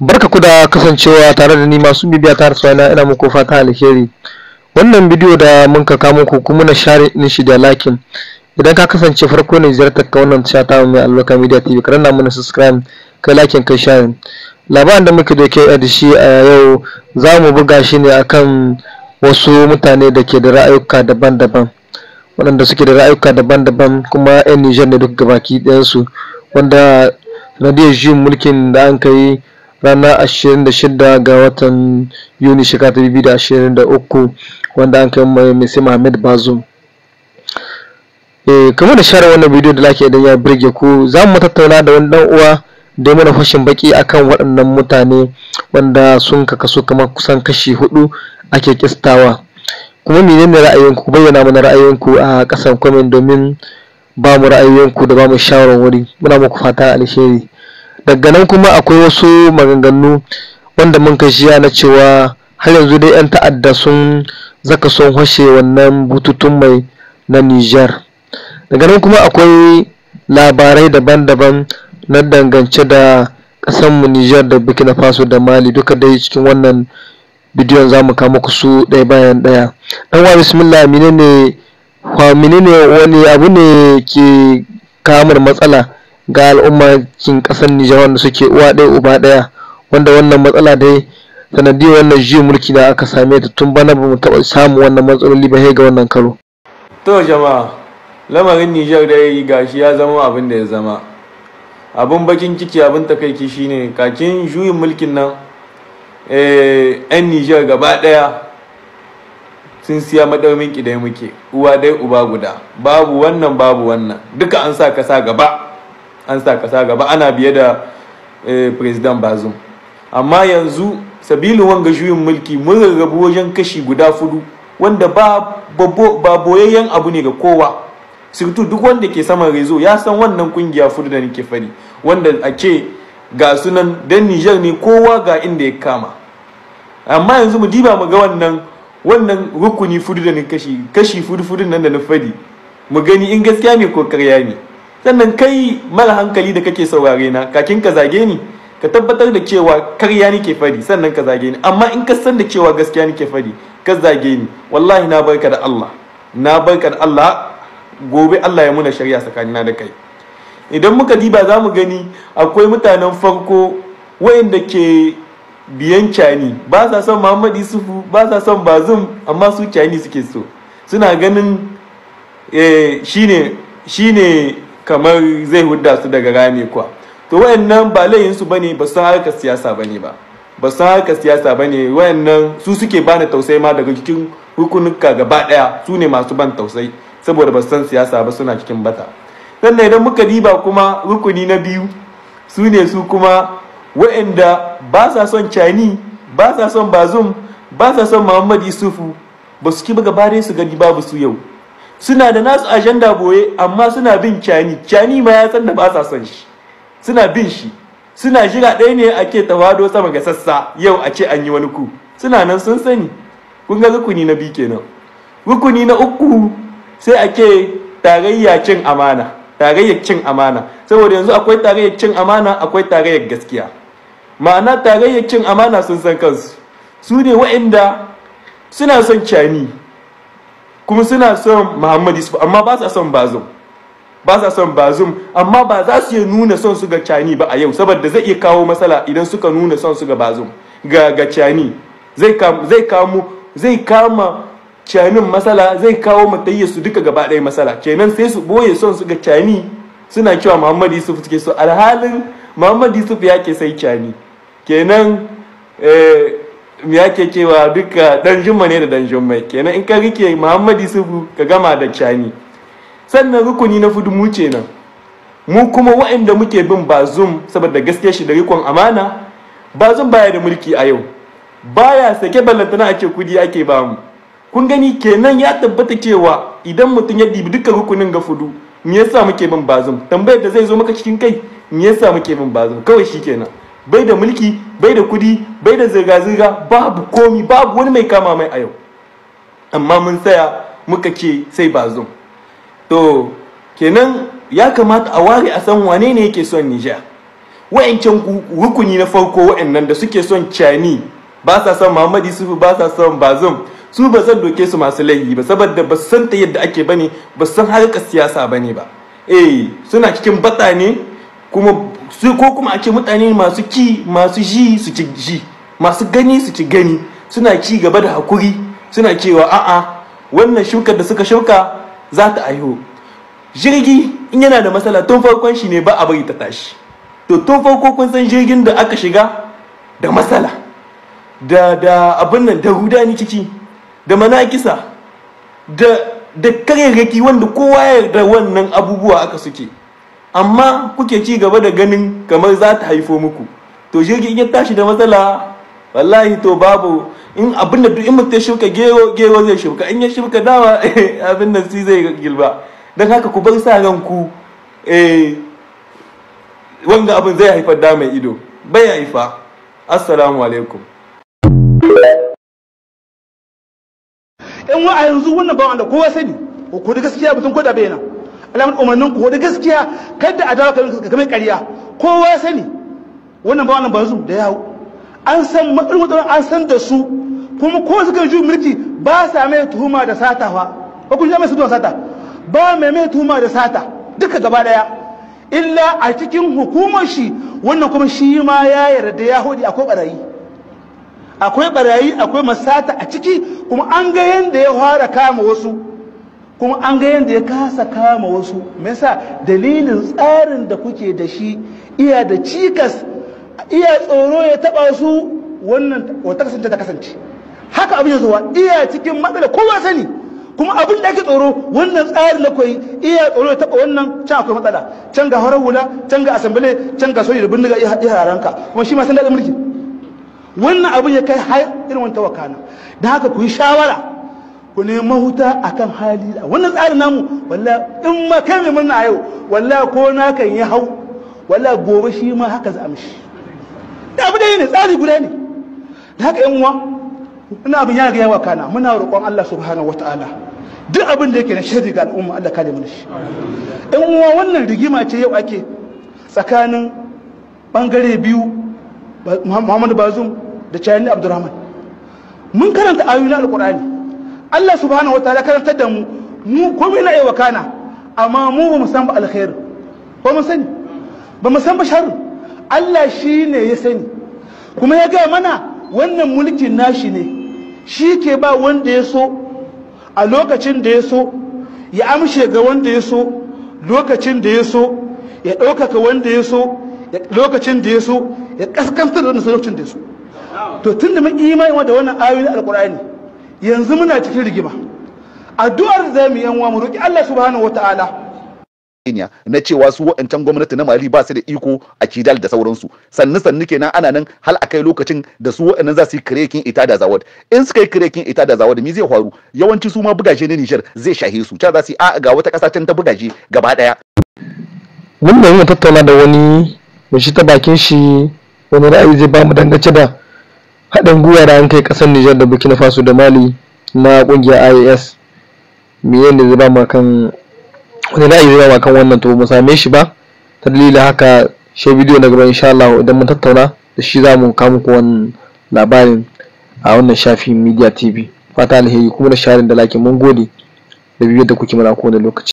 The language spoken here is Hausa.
barka ku da kasancewa tare da ni masu bibiya ta harsuwa na ina muku fata alheri wannan bidiyo da mun ka kamo kuma na share din shi da lakin idan ka kasance farko ne ziyartar ka wannan tasha ta mai albarka media tv ka na mana subscribe kai lakin kai share labaran da muke dauke da shi a yau za mu buga shi ne akan wasu mutane da ke da ra'ayuka daban-daban waɗanda suke da ra'ayuka daban-daban kuma 'yan nijar ne duk gabaki ɗayansu wanda sanadiyar juyin mulkin da an kai ranar 26 ga watan yuni shekara 2023 wanda an kai mai sai Muhammad Bazoum eh, kamar da share wannan bidiyo da like idan ya birge ku za mu tattauna da wani dan uwa da mana fashin baki akan waɗannan mutane wanda sun ka kaso kamar kusan kashi hudu ake kistawa kuma menene ra'ayinku ku bayyana mana ra'ayinku a ƙasan kwamin, domin ba mu ra'ayoyinku da ba mu shawarwari muna muku fata alheri daga nan kuma akwai wasu maganganu wanda mun kai shiya na cewa har yanzu dai 'yan ta'adda sun zaka son hashe wannan bututun mai na niger daga nan kuma akwai labarai daban-daban na dangance da mu niger da burkina faso da mali duka dai cikin wannan bidiyon za mu kama su ɗaya bayan ɗaya ɗan wa bismillah menene ne wani abu ne ke kamar matsala ga al'ummakin kasar Nijar wanda suke uwa ɗaya uba ɗaya wanda wannan matsala dai sanadiyar wannan juyin mulki da aka same ta tun bana ba mu taɓa samu wannan matsaloli ba sai ga wannan karo. To jama'a lamarin Nijar dai gashi ya zama abin da ya zama. Abin bakin ciki abin takaiki shine kakin juyin mulkin nan yan eh, Nijar gaba daya sun siya madaumin ki muke uwa dai uba guda babu wannan babu wannan duka an sa kasa gaba. an sa kasa gaba ana biye da eh, president bazum amma yanzu sabilin wanga juyin mulki mun rarrabu wajen kashi guda fudu wanda ba boyayyen abu ne ga kowa sirtu duk wanda ke saman rezo ya san wannan kungiya fudu da nake fari wanda a ke ga sunan dan Nijar ne kowa ga inda ya kama amma yanzu mu diba mu ga wannan wannan rukuni fudu da ni kashi kashi fudu fudu nan da na fadi mu gani in gaskiya ne ko karya ne sannan kai mara hankali da kake saurare na kakin ka zage ni ka tabbatar da cewa karya nike fari sannan ka zage ni amma in ka san da cewa gaskiya nake fari ka zage ni wallahi na barka da Allah na barka da Allah gobe Allah ya muna shari'a tsakanina da kai idan muka diba za mu gani akwai mutanen farko wayanda ke biyan cani ba sa son Muhammad Yusufu ba sa son Bazum amma su cani suke so suna ganin eh, shine shine kamar zai hudda su daga rami kuwa to wayannan ba layinsu ba ne ba san harkar siyasa ba ne ba ba san harkar siyasa ba ne wayannan su suke bani tausayi ma daga cikin hukunuka gaba daya su ne masu ban tausayi saboda ba san siyasa ba suna cikin bata sannan idan muka diba kuma rukuni na biyu su ne su kuma wayanda ba sa son cani ba sa son bazum ba sa son muhammad yusufu ba su ki ba gaba su gani babu su yau suna da nasu ajanda boye amma suna bin kyani kyani ma ya san da ba sa son shi suna bin shi suna jira ɗaya ne ake tawado sama ga sassa yau a ce an yi wani ku suna nan sun sani kun ga rukuni na biyu kenan rukuni na uku sai ake tarayya cin amana tarayyar cin amana saboda yanzu akwai tarayyar cin amana akwai tarayyar gaskiya ma'ana tarayyar cin amana sun san kansu su ne wa'inda suna son kyani kuma suna son Muhammad Yusuf amma ba sa son Bazum ba sa son Bazum amma ba za su iya nuna son su ga Chani ba a yau saboda zai iya kawo matsala idan suka nuna son su ga Bazum ga ga Chani zai zai kamo zai kama canin matsala zai kawo matayya su duka gaba ɗaya matsala kenan sai su boye son su ga Chani suna cewa Muhammad Yusuf suke so alhalin Muhammad Yusuf ya ke sai Chani kenan eh, me yake cewa duka dan jumma ne da dan jumma kenan in ka rike muhammadi sufu ka gama da cani sannan rukuni na fudu mu ce nan mu kuma waɗanda muke bin bazum saboda gaskiya shi da rikon amana bazum baya da mulki a yau baya sake ballantana a ce kudi ake ba mu kun gani kenan ya tabbata cewa idan mutum ya dibi duka rukunin ga fudu me yasa muke bin bazum tambayar da zai zo maka cikin kai me yasa muke bin bazum kawai shikenan bai da mulki bai da kudi bai da zirga-zirga babu komi babu wani mai kama mai a yau amma mun tsaya muka ce sai ba bazum to kenan ya kamata a ware a san wane ne yake son Nijar wa'ancan rukuni na farko wa'annan da suke son cani ba sa son Muhammad sufi ba sa son Bazum su ba san doke su masu laifi ba saboda ba san ta yadda ake bane ba san harkar siyasa bane ba eh suna cikin batsa ne kuma su ko kuma ake mutane masu ki masu ji su ci ji masu gani su ci gani suna ci gaba da hakuri suna cewa a'a wannan shukar da suka shuka za ta aiho jirgi in yana da matsala tun farkon shi ne ba a bari ta tashi to tun farko kun san jirgin da aka shiga da matsala da da abin nan da rudani ciki da manakisa da da karyayyaki wanda kowa ya yarda wannan abubuwa aka suke amma kuke ci gaba da ganin kamar za ta haifo muku to in ya tashi da matsala wallahi to babu in abin da duk in mutum shirka gero gero zai shirka in ya shirka dawa abin da si zai gilba don haka ku bar sa ranku eh wanga abin zai haifar da mai ido bai haifa assalamu alaikum in wa a yanzu wannan bawan da kowa sani ko gaskiya mutum ko da bai alamun umarnin ku da gaskiya kada a dawo kamar ƙarya kowa ya sani wannan ba wannan bazu da yawo an san matsalolin an san da su kuma ko suka ju mulki ba sa mai tuhuma da sata ba kun mai tuhuma sata ba mai mai tuhuma da sata duka gaba daya illa a cikin hukumar shi wannan kuma shi ma ya yarda ya hudi akwai barayi akwai barayi akwai masata a ciki kuma an ga yanda ya fara kama wasu kuma an ga yadda ya kasa kama wasu sa dalilin tsarin da kuke da shi iya da cikas iya tsoro ya taba su wannan wata kasance ta kasance haka abin zuwa iya cikin matsala kowa sani kuma abin da ake tsoro wannan tsarin da koyi iya tsoro ya taba wannan can akwai matsala can ga horar hula can ga asambale can ga soji da bindiga iya haranka kuma shi ma san daɗin mulki wannan abin ya kai har irin wani tawakana da haka ku yi shawara ku ne mahuta akan hali da wannan tsarin namu walla in ma kai mai murna a yau walla ko na kan yi hau walla gobe shi ma haka za a mishi da abu yi ne tsari guda ne da haka yan uwa ina abin ya ga yawa kana muna roƙon Allah subhanahu wataala duk abin da yake na shari ga al'umma Allah kare da shi yan uwa wannan rigima ce yau ake tsakanin bangare biyu Muhammadu Bazum da Chayani Abdurrahman mun karanta na Alƙur'ani Allah subhanahu wataala karantar da mu mu komai na aiwaka na, amma mu ba mu san ba alkhair ba mu sani ba mu san ba Allah shi ne ya sani kuma ya gaya mana wannan mulkin nashi ne shi ke ba wanda ya so a lokacin da ya so ya amshe ga wanda ya so lokacin da ya so ya ɗaukaka wanda ya so lokacin da ya so ya ƙaskantar da wanda lokacin da ya so to tun da mun imani da wannan ayoyin alkur'ani yanzu muna cikin rigima addu'ar da mu yanwa mu roki Allah subhanahu wataala na cewa su wa'ancan gwamnati na mali ba su da iko a kidal da sauransu sannu sannu kenan ana nan hal akai lokacin da su wa'annan za su yi kirekin ita da zawad in suka yi kirekin ita da zawad mi zai faru yawanci su ma bugaje ne Nijar zai shahe su ca za su a ga wata kasa can ta bugaje gaba daya mun da tattauna da wani mai shi ta bakin shi wani ra'ayi zai ba mu dangace da haɗin gwiwa da an kai ƙasar Nijar da Burkina Faso da Mali na ƙungiyar IAS me ne da ba mu kan wani da wannan to mu same shi ba ta dalilin haka shi bidiyo na gaba insha Allah idan mun tattauna da shi za mu kawo muku wannan labarin a wannan shafin Media TV fata alheri kuma da sharin da lakin mun gode da bibiyar da kuke mana kowane lokaci